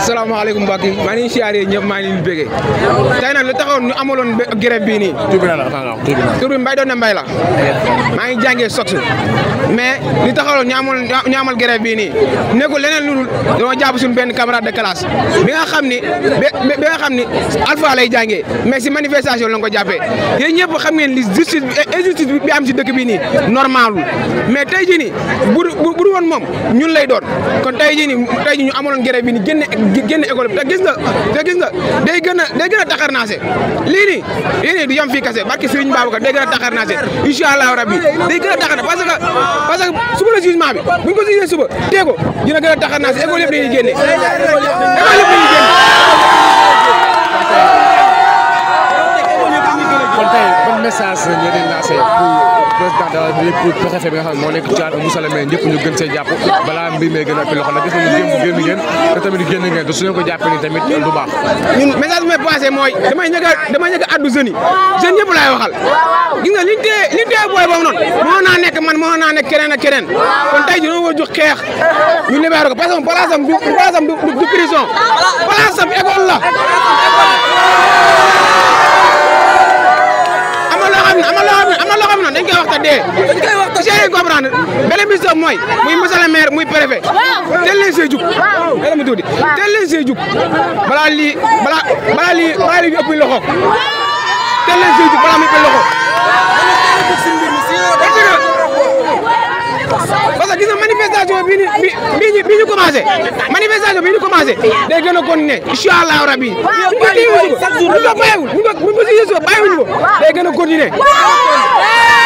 salaamaaleykum mbokk yi maa ngi siyaare ñëpp maa ngi leen di nag lu taxoon ñu amaloon grève bii nii. tur bi la tur na la. maa ngi jàngee sotti mais li taxoon ñu amoon ñu amal grève bii nii nekkul leneen lu dul dañoo jàpp suñu benn camarade de classe bi nga xam ni bi nga xam ni alpha lay jàngee mais si manifestation la ko jàppee yéen ñëpp xam ngeen li justice bi am si dëkk bi nii normalul mais tey jii nii bu bu woon ñun lay doon kon tey jii nii tey jii ñu amaloon grève génn école bi te gis nga te gis nga day gën a day a taxarnaase lii nii lii nii du yam fii kase barke Serigne Babacar day gën a taxarnaase incha allahu rabbi day gën a taxarnaase parce que parce que suba suba tee ko dina gën a taxarnaase école yëpp dañuy président de la ne moo nekk Thiar Moussa le maire ñëpp ñu gën see jàpp balaa mbir mee gën a fi loxo nag gis a a addu naa nekk man moo naa nekk keneen ak keneen kon tey ji doo war ju xeex ñu libéré ko parce que place am du place am du la dañ koy waxta dee dañ koy waxta dee comprendre beneen bi sax mooy muy monsieur le maire muy préfet teel leen see jug yàlla ma tuuti teel leen see jug balaa lii balaa balaa lii balaa lii ëpp loxo teel leen see jug balaa muy ëpp loxo parce que gis nga manifestation bii nii bii ñu commencé manifestation bii ñu commencé day gën a continuer incha allah rabi bu ñu ko téyewul bu ñu ko bàyyiwul bu ñu ko bu ñu ko si yësoo bàyyiwul ko day gën a continuer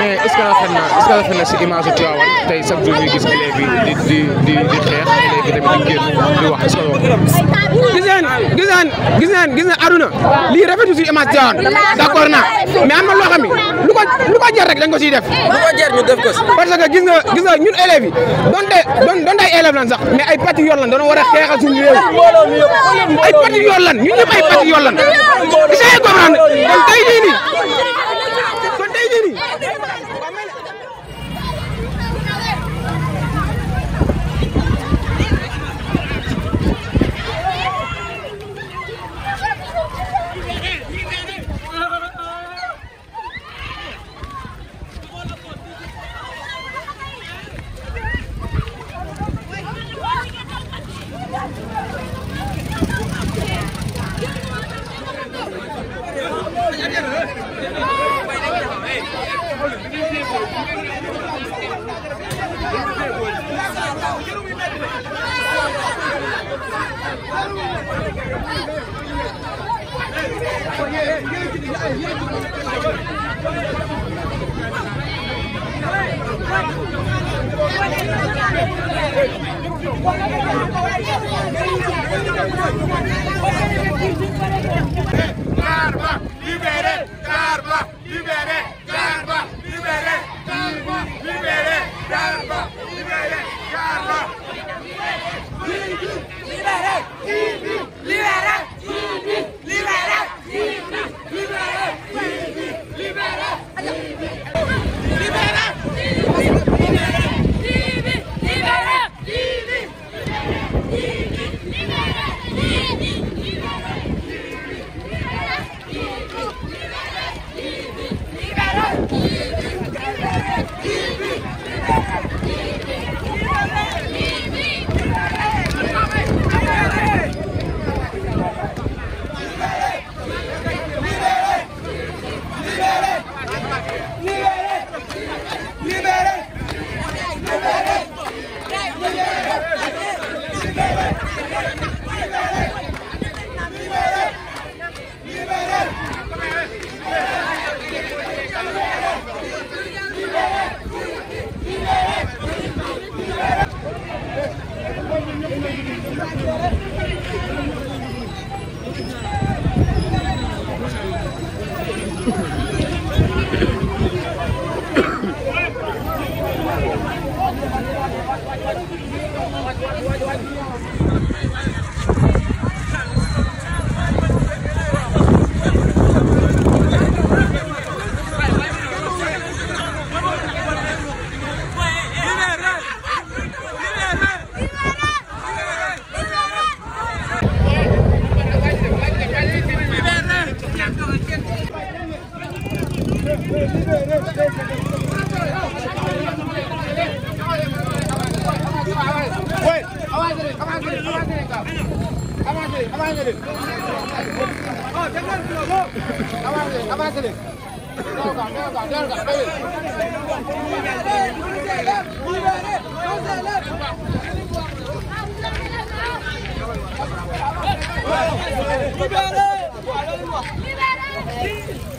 mais est-ce que rafet si image yu Tivaouane tey chaque jour ñuy gis élèves yi di di di di xeex élèves yi di wax est-ce que aduna lii rafetu si image Tivaouane d'accord naa mais am na loo xam ne lu ko lu ko jar rek dañ ko siy def. lu ko jar si. parce que gis nga gis nga ñun élèves yi donte don donte ay élèves lan sax mais ay patriotes lan doon war a xeexal suñu réew ay patriotes lan ñun ñëpp ay patriotes lan. gis nga ay comprendre tey jii Carla, libere, Carla, libere, Carla. Liberec! avancez avancez les gars avancez avancez leen. oh dégg nga kilo go. avancez avancez leen. delloo gaaw delloo gaaw delloo gaaw béyee. libéré libéré libéré.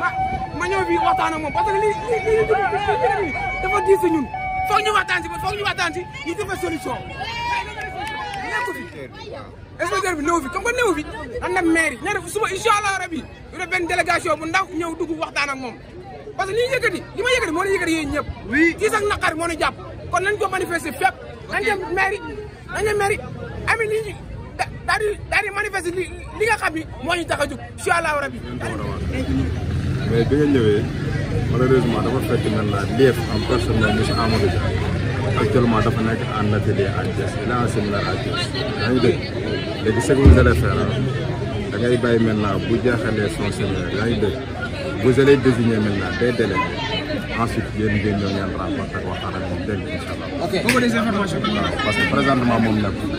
ma ma ñëw fii waxtaan ak moom parce que lii lii lii lii dafa diis si ñun foog ñu waxtaan si ba foog ñu waxtaan si ñu defal solution. nekku fi inspecteur bi néew fi comme que néew fi ànd ak maire yi ñu ne suba incha allah rabi ñu ne benn délégation bu ndaw ñëw dugg waxtaan ak moom. parce que li ñu yëkkati li ma yëkkati moo ñu yëkkati yéen ñëpp. oui diis ak naqar kon nañ ko manifester fépp. nañ dem mairie nañ dem mairie ami da daal di daal di manifester li li nga xam ni moo ñu a jóg incha allah rabi. mais bi nga ñëwee malheureusement dafa fekk na la lief en personne la monsieur Amadou Dia actuellement dafa nekk en atelier à Thiès en séminaire à yaa ngi dégg léegi ce que vous allez faire da ngay bàyyi maintenant bu jaaxalee son séminaire yaa ngi dégg vous allez désigner maintenant des délégués. yéen ngeen ñëw ngeen rencontré ak waxtaan ak moom parce que présentement moom nekkul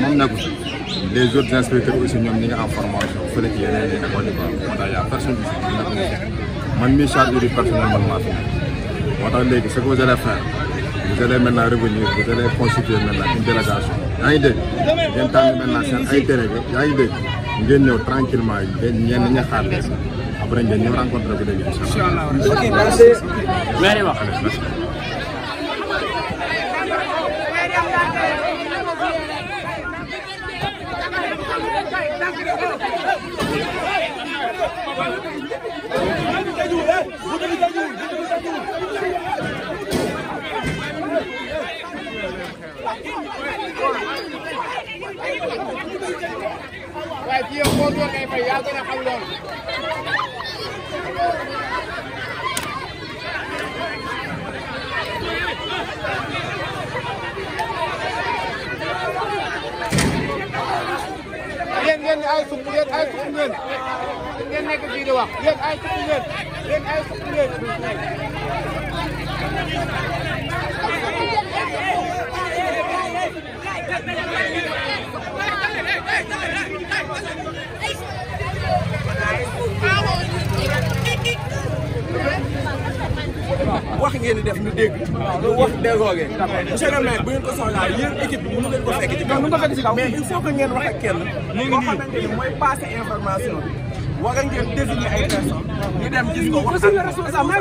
moom nekkul les autres inspecteurs aussi ñoom ñi nga am formation fële ci yeneen yi école yi quoi moo tax y' a personne bi man mii chargé du personnel man maa fi moo tax léegi ce que vous allez faire vous allez maintenant revenir ngi ngeen ñëw tranquillement ngeen ñenn ña xaar après ngeen ñëw rencontré ko léegi incha allah. kii yow boo doon ngay fay yaa gën a xam loolu. yéen ngeen ay suq yéen ay suq ngeen ngeen nekk fii di wax yéen ay suq ngeen yéen ay suq ngeen. di def ñu dégg lu wax dégoogee monsieur le maire bu ngeen ko soxlaa yéen équipe bi mënu ngeen ko fekk ci kaw mu ngi nii mooy passé information bi war ngeen désigné ay personne ñu dem gis ko wax personne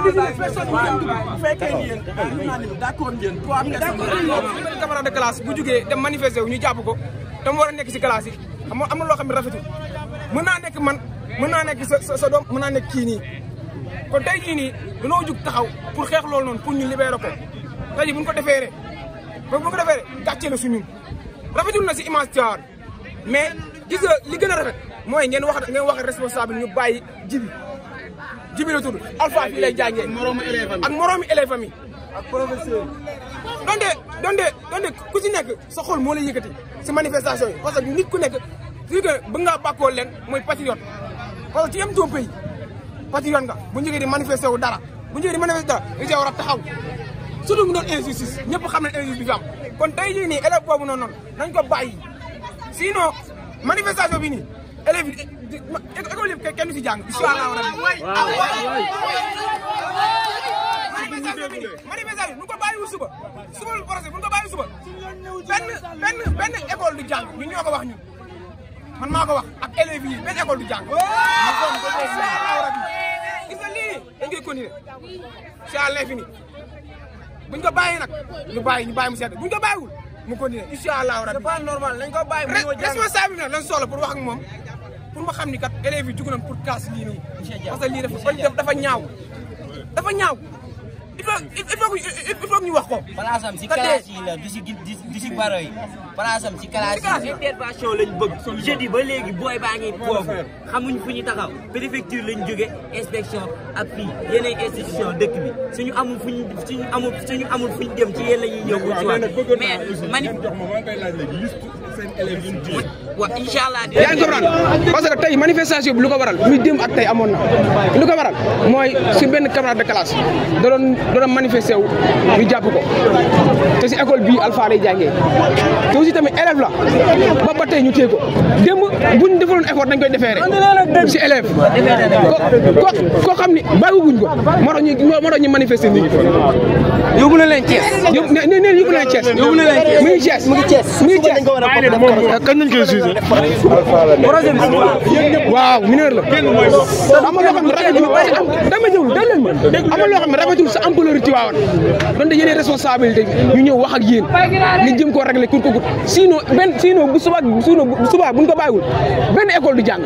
bu fekkee ni yéen ah, unanime d'accord ngeen trois personnes camarade de classe bu jógee dem manifester wu ñu jàpp ko te mu war a nekk si classe yi am na loo xam ne rafetul mën naa nekk man mën naa nekk sa sa doom mën naa nekk kii kon tey jii nii dañoo jug taxaw pour xeex loolu noonu pour ñu libéré ko tey jii bu ñu ko defee rek bu ñu ko defee rek gàcce la suñu rafetul na si image Tivaouane mais gis nga li gën a rafet mooy ngeen wax ngeen wax responsable ñu bàyyi jibi jibi la tudd alpha fii lay jàngee. ak moroomi élève am yi ak professeur donte donte donte ku si nekk sa xol moo lay yëkkati si manifestation yi parce que nit ku nekk su ñu ko bëgg ngaa bàkkoo leen mooy patriote parce que ci yem doom pays patriote nga bu njëkkee di manifesté wu dara bu njëkkee di manifesté dara dañu war a taxaw surtout mu doon injustice ñëpp xam ne injustice bi fi am kon tey jii nii élève boobu noonu noonu nañ ko bàyyi sinon manifestation bi nii élève yi école yëpp kenn du si jàng incha allah manifestation bi nu ko bàyyiwul suba suba lu projet bu nu ko bàyyiwul suba benn benn benn école du jàng ñun ñoo ko wax ñun man maa ko wax ak élèves yi benn école du jàng continuer c'est à l'infini buñ ko bàyyi nag ñu bàyyi ñu bàyyi mu sedd buñ ko bàyyiwul mu continuer incha allahu rabi. c'est pas normal lañ bàyyi. responsable bi nag lañ pour wax ak moom pour ma xam ni kat élèves yi jug nañ pour kaas lii nii. parce que lii dafa dafa ñaaw dafa ñaaw. i faut il faut ñu wax ko. place am si classe yi la du si du si baro yi. place am si classe yi la intervention lañ bëgg. jeudi ba léegi booy baa ngi foofu xamuñ fu ñu taxaw. préfecture lañ jóge inspection ak fii yeneen institution dëkk bi suñu amul fu ñu suñu amul suñu amul fu ñu dem ci yéen la ñuy ñëw. ci wàllu mais mani. waaw incha allah yaa ngi comprendre parce que tey manifestation bi lu ko waral muy démb ak tey amoon na lu ko waral mooy si benn camarade de classe doo doon da doon wu ñu jàpp ko te si école bii Alpha lay jàngee te aussi tamit élève la ba ba tey ñu téye ko démb buñ defaloon effort dañ koy defeere si élève ko koo xam ni bàyyiwuñ ko moo tax ñu moo tax ñu manifesté nii yóbbu na leen Thiès yóbbu na leen Thiès yóbbu na leen Thiès mu ngi Thiès mu ngi Thiès mu ngi Thiès projet bi waaw mineur la ama loo xam ne rafetul bari am dama jëwul dal lañ ma ama loo xam ne rafetul sa ampleur ci waawoon donte yéen responsabilité ñu ñëw wax ak yéen ni jëm koo régler kur ko gut sinon benn sinon bu subaa sinon bu ko bàyyiwul benn école du jàng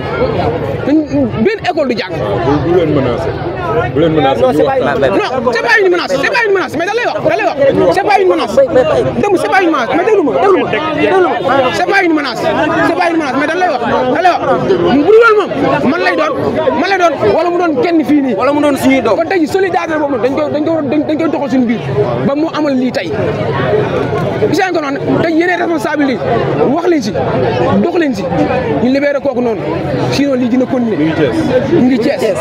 benn école du jàng bu leen bu leen menace non c'est pas une menace c'est pas une menace mais da lay wax da lay wax ma déglu ma moom man lay doon man lay doon wala mu doon kenn fii nii wala mu doon suñuy doom kon tey solidarité boobu dañ koy dañ koy dañ koy doxal suñu biir ba mu amal lii tey gis ko noonu tey yeneen responsabilité wax leen si dox leen si ñu libéré kooku noonu sinon lii dina continuer ñu ngi Thiès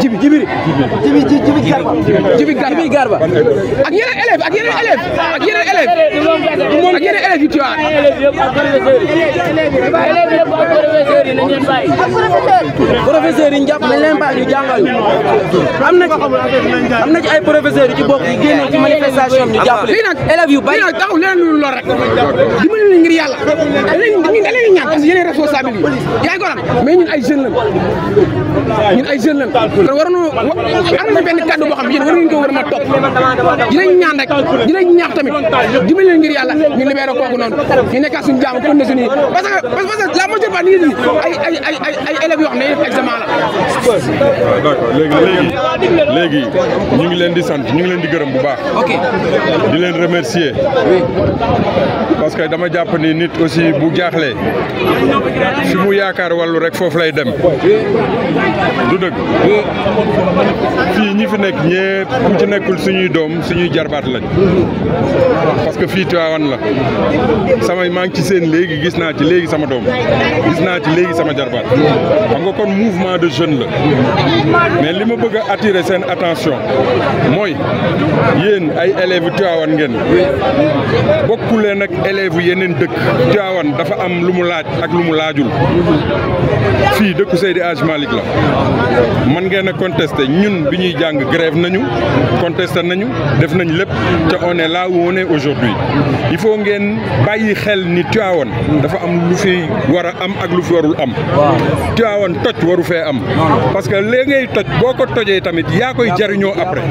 jibi jibiri jibi jibi garba jibi garba ak yeneen élève ak yeneen élève ak yeneen élève ak yeneen élève yu Tivaouane professeur yi jàpp nañ leen bàyyi ñu jàngal ñu am na ci am na ci ay professeurs yu ci bokk yi génn ci manifestation ñu jàppale fii nag élèves yu bari nag taxul leneen lu lor rek dimbali leen ngir yàlla da leen da leen ñaan parce que yeneen responsable yi yaa ngi ko mais ñun ay jeunes lañ ñun ay jeunes lañ waroon am na benn kàddu boo xam yéen war ngeen ko war ma topp dinañ ñaan rek dinañ ñaax tamit dimbali leen ngir yàlla ñu libéré kooku noonu ñu nekkaat suñu jàmm kon ne suñu parce que parce que la majorité ba nit ay ay yoo xam ne yëpp léegi ñu ngi leen di sant ñu ngi leen di gërëm bu baax. ok di leen remercier. parce que dama jàpp ni nit aussi bu jaaxlee si mu yaakaar wàllu rek foofu lay dem du dëgg. fii ñi fi nekk ñëpp ku ci nekkul suñuy doom suñuy jarbaat lañ parce que fii Tivaouane la samay maa ngi ci seen léegi gis naa ci léegi sama doom gis naa ci léegi sama jarbaat xam nga kon mouvement de jeunes la mais li ma bëgg a attirer seen attention mooy yéen ay élèves Tivaouane ngeen bokkuleen leen ak élèves yeneen dëkk Tivaouane dafa am lu mu laaj ak lu mu laajul fii dëkku Seydi Hadj Malick la ngeen a contester ñun bi ñuy jàng grève nañu contester nañu def nañ lépp ca one est là où on est aujourd'hui il faut ngeen bàyyi xel ni Tivaouane dafa am lu fi war a am ak lu fi warul am Tivaouane toj waru fee am parce que léegi ngay toj boo ko tojee tamit yaa koy jariñoo après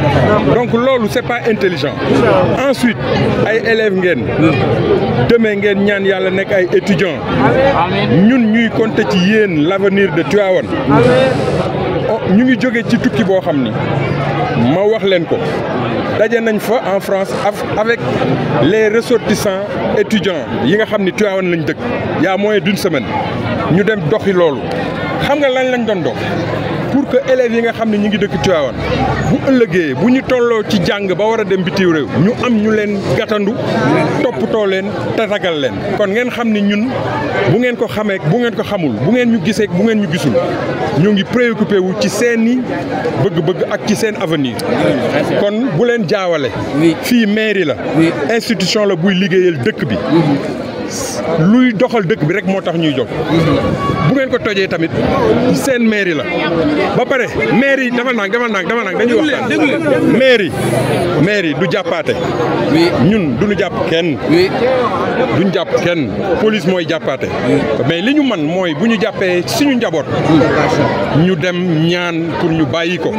donc loolu c'est pas intelligent ensuite ay élèves ngeen demee ngeen ñaan yàlla nekk ay étudiants ñun ñuy compter ci yéen l'avenir de Tivaouane ñu ngi jóge ci tukki boo xam ni ma wax leen ko daje nañ fa en France avec les ressortissants étudiants yi nga xam ni Tivaouane lañ dëkk. y a moyen d'une semaine ñu dem doxi loolu xam nga lañ lañ doon dox. que élèves yi nga xam ne ñu ngi dëkk Tivaouane bu ëllëgee bu ñu tolloo ci jàng ba war a dem bitim réew ñu am ñu leen gàttandu toppatoo leen te ragal leen kon ngeen xam ne ñun bu ngeen ko xamee bu ngeen ko xamul bu ngeen ñu gisee bu ngeen ñu gisul ñu ngi préoccupé wu ci seeni bëgg-bëgg ak ci seen avenir kon bu leen jaawale fii mairie la institution la buy liggéeyal dëkk bi mhm. luy doxal dëkk bi rek moo tax ñuy jóg mhm. bu ngeen ko tojee tamit seen mairie la ba pare mairie defal naag defal naag defal naag dañuy waxtaan mairie mairie du jàppaate ñun duñu jàpp kenn duñu jàpp kenn police mooy jàppaate mais li ñu man mooy bu ñu jàppee suñu njaboot ñu dem ñaan pour ñu bàyyi ko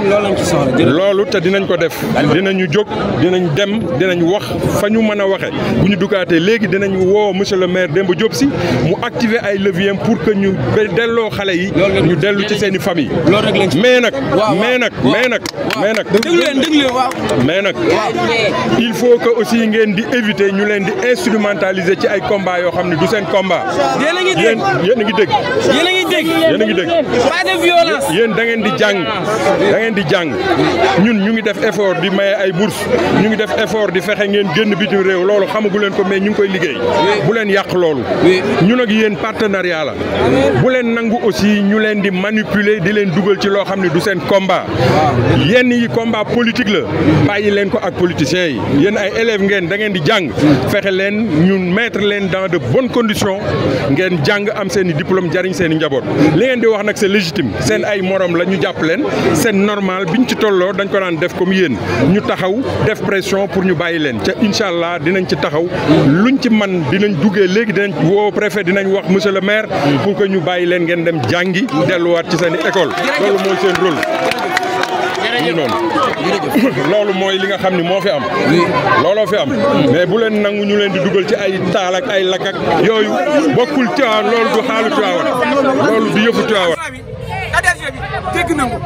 loolu te dinañ ko def dinañu jóg dinañ dem dinañ wax fa ñu mën a waxe bu ñu dugaatee léegi dinañ woo monsieur le maire Demba Diop mu activer ay leviers pour que ñu delloo xale yi ñu dellu ci seen i famille mais nag mais nag mais nag mais nag mais nag il faut que aussi ngeen di éviter ñu leen di instrumentaliser ci ay combat yoo xam ne du seen combat yéen yéen a ngi dégg yéen a dégg yéen da ngeen di jàng di jàng ñun ñu ngi def effort di maye ay bourse ñu ngi def effort di fexe ngeen génn bitim réew loolu xamagu leen ko mais ñu ngi koy liggéey bu leen yàq loolu ñu ak yéen partenariat la bu leen nangu aussi ñu leen di manipuler di leen dugal ci loo xam ne du seen combat yenn yi combat politique la bàyyi leen ko ak politiciens yi yéen ay élèves ngeen da ngeen di jàng fexe leen ñun mettre leen dans de bonnes conditions ngeen jàng am seen i diplôme jariñ seen i njaboot li ngeen di wax nag c'est légitime seen ay morom la ñu jàpp leen c'est bi biñ ci tolloo dañ ko daan def comme yéen ñu taxaw def pression pour ñu bàyyi leen ca incha allah dinañ ci taxaw luñ ci man dinañ duggee léegi dinañ woo préfet wax monsieur le maire ñu bàyyi leen ngeen dem jàngi delluwaat ci seen école loolu mooy seen rôle noonu loolu mooy li nga xam ni moo fi am looloo fi am mais bu leen nangu ñu leen di dugal ci ay taal ay lakk ak yooyu bokkul Tiwaawan loolu du xaalu Tiwaawan loolu du yëfu Tiwaawan ADG bi dégg na ko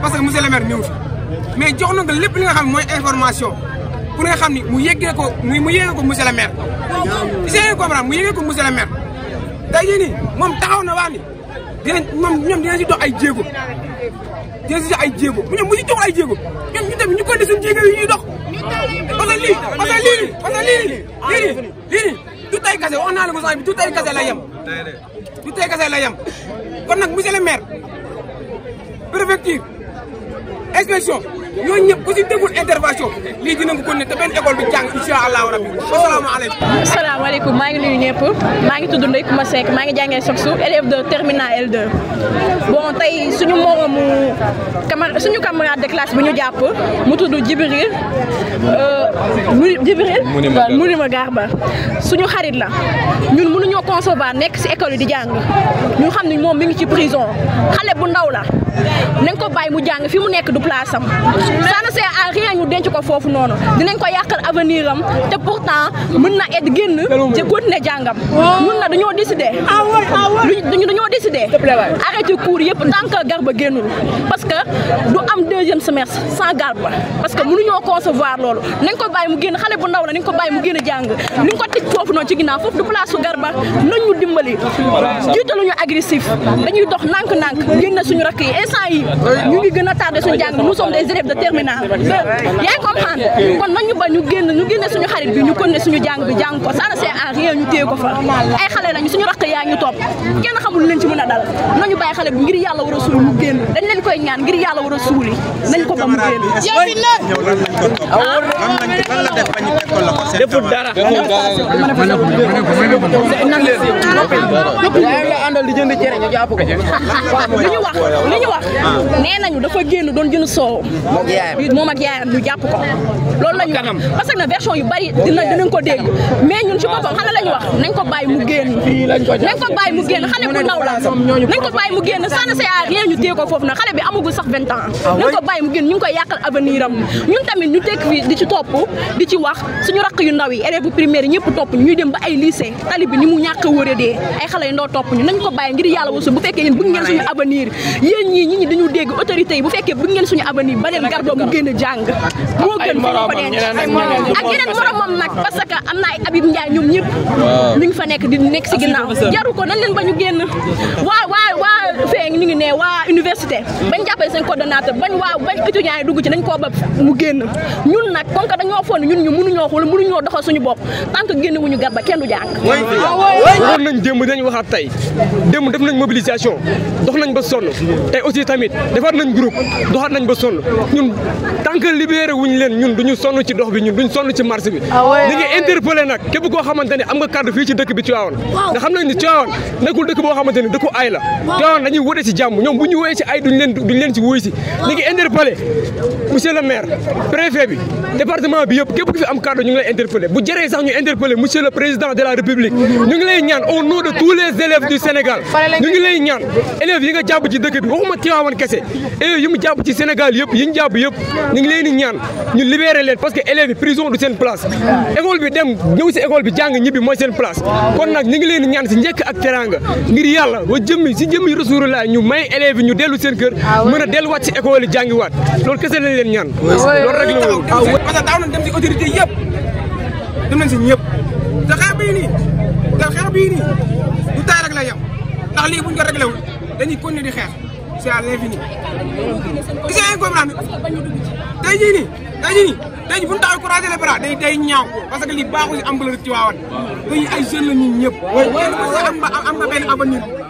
parce que monsieur le maire ñëw jox na ko lépp li nga xam mooy information pour nga xam ni mu yëggee ko mu yëggee ko monsieur le maire si comprendre mu yëggee ko monsieur le tey jii nii moom taxaw na waa ni dinañ moom ñoom dinañ si dox ay jéego dinañ si dox ay jéego bu ñoom bu ñu dox ay jéego ñoom ñu tamit ñu ko def seen jéego yi ñuy dox parce que lii parce que lii parce que du tey kase wax naa la du tey kase la yem du tey kase la yem kon nag monsieur le maire préfecture inspection ñooñu ñëpp ku si deful intervention lii dina ko ne te benn école bi jàng incha allahu ngi nuyu maa ngi tudd Ndeye Couma Seck maa ngi jàngee Soxsu élève de terminal L2 bon tey suñu moromu camarade suñu camarade de classe bi ñu jàpp mu tudd Djibril euh, Djibril Mounima Garba suñu xarit la ñun mënuñoo concevoir nekk si école yi di jàng ñu xam ni moom mi ngi ci prison xale bu ndaw la nañ ko bàyyi mu jàng fi mu nekk du place ça ne sert à rien ñu denc ko foofu noonu dinañ ko yàqal avenir am te pourtant mën na et génn ci continuer jàngam ñun na dañoo décider luñ dañoo décider arrêté cours yëpp tant que garba génnul parce que du am deuxième semestre sans garba parce que mënuñoo concevoir loolu nañ ko bàyyi mu génn xale bu ndaw la nañ ko bàyyi mu génn jàng liñ ko tëj foofu noonu ci ginnaaw foofu du place su garba nañ ñu dimbali jiitaluñu agressif dañuy dox nànk-nànk génn suñu rakk yi instant a de terminal yaa comprendre kon nañu ba ñu génn ñu génne suñu xarit bi ñu konne suñu jàng bi jàng ko ça ne sert à a ñu téye ko fa ay xale lañu suñu raq yaa ñu topp kenn xamul leen ci mën a dal nañu bàyyi xale bi ngir yàlla war a suul mu génn dañ leen koy ñaan ngir yàlla war a suuli nañ ko ba mu génn àndal di jënd cere ñu jàpp ko. li ñu wax li ñu wax ah. nee nañu dafa génn doon jënd soow. moom ak yaayam ñu jàpp ko. loolu la ñu wax parce que na version yu bari dina dinañ ko dégg mais ah. la ñu ko bàyyi mu génn. nañ ko bàyyi mu ko bàyyi mu génn ça ne ñu téye ko foofu nag xale bi amagul sax vingt ans. Ah nañ ko bàyyi mu génn ñu ngi koy yàqal avenir ñun tamit ñu tekk di ci topp di ci wax suñu rakk yu ndaw yi élèves primaire yi ñëpp topp ñuy dem ba ay lycée tali bi ni mu ñàkk a dee ay xale yu ndaw topp ñu nañ baay bàyyi ngir yàlla wasul bu fekkee yéen bëgg ngeen suñu avenir yéen ñi ñi dañu dégg autorité yi bu fekkee bëgg ngeen suñu avenir ba leen Garga mu gën a jàng moo gën fa ko ak yeneen moromam nag parce am na ay Habib Ndiaye ñoom ñëpp ñu fa nekk di nekk si ginnaaw jaru ko nañ leen ba ñu génn waaw waaw ngi ne waa université bañ jàppale seen coordonnateur bañ waa bañ étudiants yi dugg ci dañ koo mu génn ñun nag comme que dañoo ñun ñu mënuñoo wala mënuñoo doxal suñu bopp tant que génn wuñu garba kenn du jàng ah, waroon nañ démb dañ waxaat tey démb def nañ mobilisation dox nañ ba sonn tey aussi tamit defaat nañ groupe doxaat nañ ba sonn ñun tant que libéré wuñ leen ñun duñu sonn ci dox bi ñun duñ sonn ci marché bi ah, ñu ngi interpellé nag képp koo xamante ne am nga carte fii ci dëkk bi Tivaouane nga xam nañ ni Tivaouane nekkul dëkk boo xamante la jàmm ñoom bu ñu woyee ay duñ si wuy si ñu ngi interpellé monsieur le maire préfet bi département bi yëpp képp ku fi am kàddu ñu ngi lay interpellé bu jëree sax ñu interpellé monsieur le président de la république ñu ngi lay ñaan au nom de tous les élèves du Sénégal ñu ngi leen di ñaan ñu libéré parce que élèves prison du seen place école bi dem ñëw si école bi jàng ñibbi mooy seen place kon nag ñu ngi leen di ñaan si njëkk ak teranga ngir yàlla wa jëmmi may élèves ñu dellu seen kër ah mën a delluwaat si école yi jàngiwaat loolu kese lañ leen ñaan ah loolu rek la ah woon parce que daaw nañ dem si autorité yëpp dem nañ la yem ndax lii buñ ko réglé wul dañuy di xeex c'est à l'infini gis ngeen comprendre tey jii nii tey jii bu ñu taxaw courage les bras day day ñaaw parce que baaxul si ambulance ci waawan tey ay jeunes la ñun ñëpp kenn ku si am ba am nga benn avenir